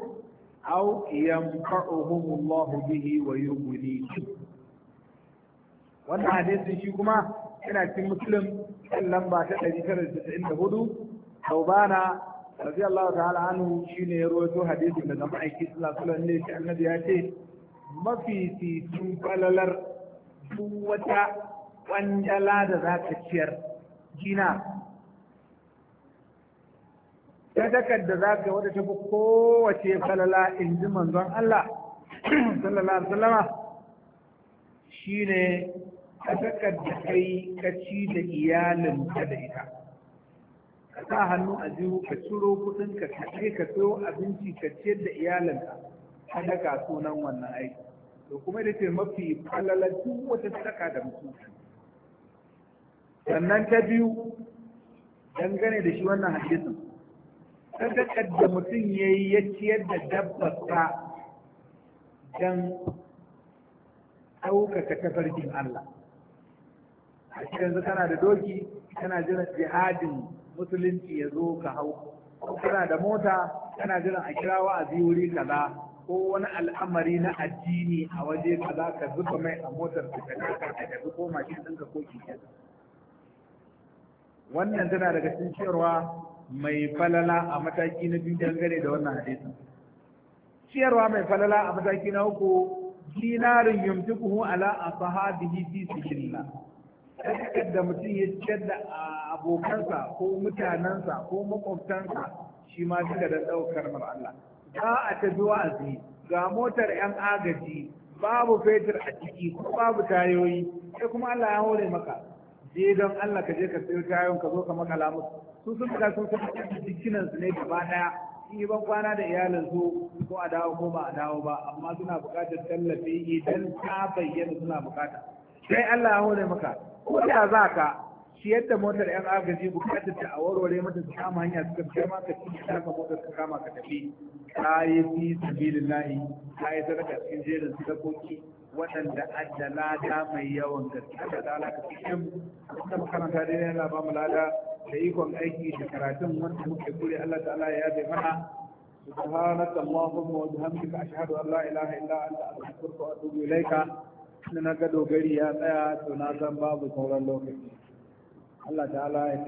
أو ينفعهم الله به ويغنيهم wannan hadisin shi kuma yana cikin muslim kan lamba ta 994 taubana radiyallahu ta'ala anhu shine ya rawaito hadisin daga ma'aiki sallallahu alaihi wasallam ne shi annabi ya ce Mafi titin falalar duk wata ƙwandala da za ka ciyar jina sadakar da za ka wata tafi kowace falala in ji manzon Allah sallallahu alaihi wasallama shine sadakar da kai ka ci da iyalinka da ita ka sa hannu a jihu ka ciro kudin ka ka ka tsoro abinci ka ciyar da iyalinka sadaka sunan wannan aiki to kuma da ce mafi falala duk wata sadaka da mutum sannan ta biyu dangane da shi wannan hadisin sadakar da mutum ya yi ya ciyar da dabbarsa don ɗaukaka tafarkin Allah a yanzu kana da doki kana jiran jihadin musulunci ya zo ka hau kana da mota kana jiran a kira wa'azi wuri kaza ko wani al'amari na addini a waje ka za ka zuba mai a motar ka ka ka tafi ko mashin ɗinka ko keken wannan tana daga cikin ciyarwa mai falala a mataki na biyu dangane da wannan hadisi ciyarwa mai falala a mataki na uku dinarin yumtikuhu ala ashabihi fi sabilillah sai da mutum ya ciyar da abokansa ko mutanensa ko makwabtansa shi ma suka da ɗaukar mar Allah za a ta tafi wa'azi ga motar 'yan agaji babu fetur a ciki ko babu tayoyi sai kuma Allah ya hore maka je don Allah ka je ka sayo tayoyin ka zo ka makala musu su sun ka sun kuma jikinan su ne gaba daya in yi ban kwana da iyalin su ko a dawo ko ba a dawo ba amma suna buƙatar tallafi idan ta bayyana suna buƙata sai Allah ya hore maka ko da za ka shi yadda motar yan agaji bukatar ta a warware mata su kama hanya suka fitar ma ka ci ta ka motar ka kama ka tafi ta yi fi sabilillahi ta yi sadaka cikin jerin sadakoki waɗanda adda lada mai yawan gaske da lada ka cikin wanda makaranta dai yana ba mu lada da ikon aiki da karatun wanda muke kure Allah ta'ala ya zai mana سبحانك اللهم وبحمدك أشهد أن لا إله إلا أنت أستغفرك وأتوب إليك na gado gari ya tsaya to na babu sauran lokaci Allah ta'ala